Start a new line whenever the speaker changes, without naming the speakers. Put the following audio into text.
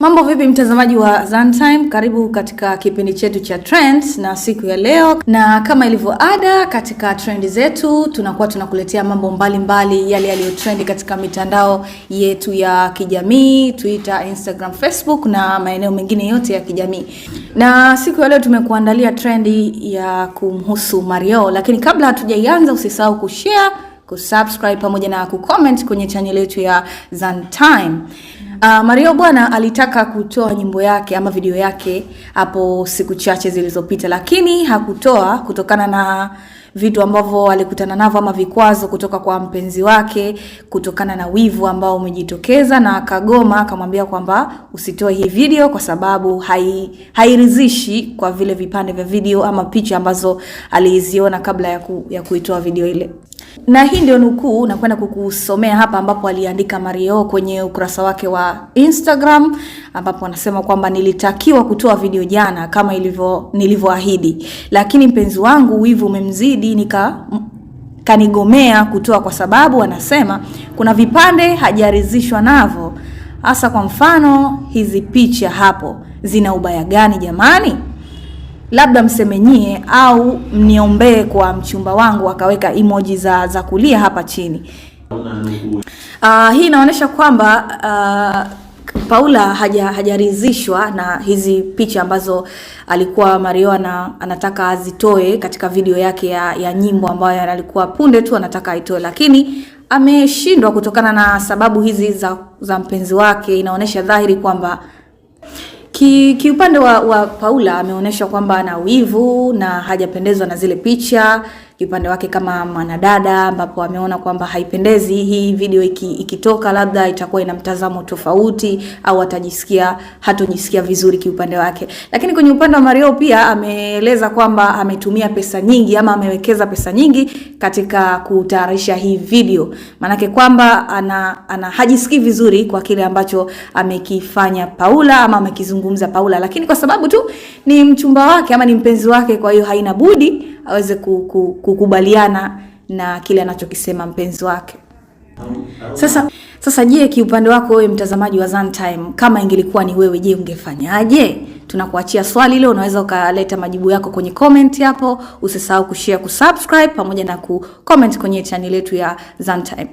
Mambo vipi mtazamaji wa Zantime, karibu katika kipindi chetu cha trends na siku ya leo, na kama ilivyo ada katika trend zetu tunakuwa tunakuletea mambo mbalimbali mbali, yale yaliyotrendi katika mitandao yetu ya kijamii Twitter, Instagram, Facebook na maeneo mengine yote ya kijamii. Na siku ya leo tumekuandalia trendi ya kumhusu Marioo, lakini kabla hatujaianza usisahau kushare, kusubscribe pamoja na kucomment kwenye channel yetu ya Zantime. Uh, Mario bwana alitaka kutoa nyimbo yake ama video yake hapo siku chache zilizopita, lakini hakutoa kutokana na vitu ambavyo alikutana navyo ama vikwazo kutoka kwa mpenzi wake, kutokana na wivu ambao umejitokeza, na akagoma akamwambia kwamba usitoe hii video kwa sababu hai hairidhishi kwa vile vipande vya video ama picha ambazo aliziona kabla ya, ku, ya kuitoa video ile na hii ndio nukuu nakwenda kukusomea hapa, ambapo aliandika Mario kwenye ukurasa wake wa Instagram, ambapo anasema kwamba nilitakiwa kutoa video jana kama ilivyo nilivyoahidi, lakini mpenzi wangu wivu umemzidi nika kanigomea kutoa, kwa sababu anasema kuna vipande hajaridhishwa navyo, hasa kwa mfano hizi picha hapo zina ubaya gani jamani? labda msemenyie au mniombee kwa mchumba wangu, akaweka emoji za, za kulia hapa chini. Uh, hii inaonyesha kwamba uh, Paula haja hajaridhishwa na hizi picha ambazo alikuwa Mario ana, anataka azitoe katika video yake ya, ya nyimbo ambayo alikuwa punde tu anataka aitoe, lakini ameshindwa kutokana na sababu hizi za, za mpenzi wake. Inaonyesha dhahiri kwamba Ki, kiupande wa, wa Paula ameonyesha kwamba ana wivu na hajapendezwa na zile picha upande wake kama mwanadada, ambapo ameona kwamba haipendezi hii video iki, ikitoka labda itakuwa ina mtazamo tofauti au atajisikia hatojisikia vizuri kiupande wake. Lakini kwenye upande wa Mario pia ameeleza kwamba ametumia pesa nyingi ama amewekeza pesa nyingi katika kutayarisha hii video, maanake kwamba ana, ana hajisikii vizuri kwa kile ambacho amekifanya Paula ama amekizungumza Paula, lakini kwa sababu tu ni mchumba wake ama ni mpenzi wake, kwa hiyo haina budi aweze kukubaliana na kile anachokisema mpenzi wake. Sasa sasa, je, kiupande wako wewe mtazamaji wa Zantime, kama ingelikuwa ni wewe, je, ungefanyaje? Tunakuachia swali hilo, unaweza ukaleta majibu yako kwenye comment hapo. Usisahau kushare, kusubscribe pamoja na kucomment kwenye channel yetu ya Zantime.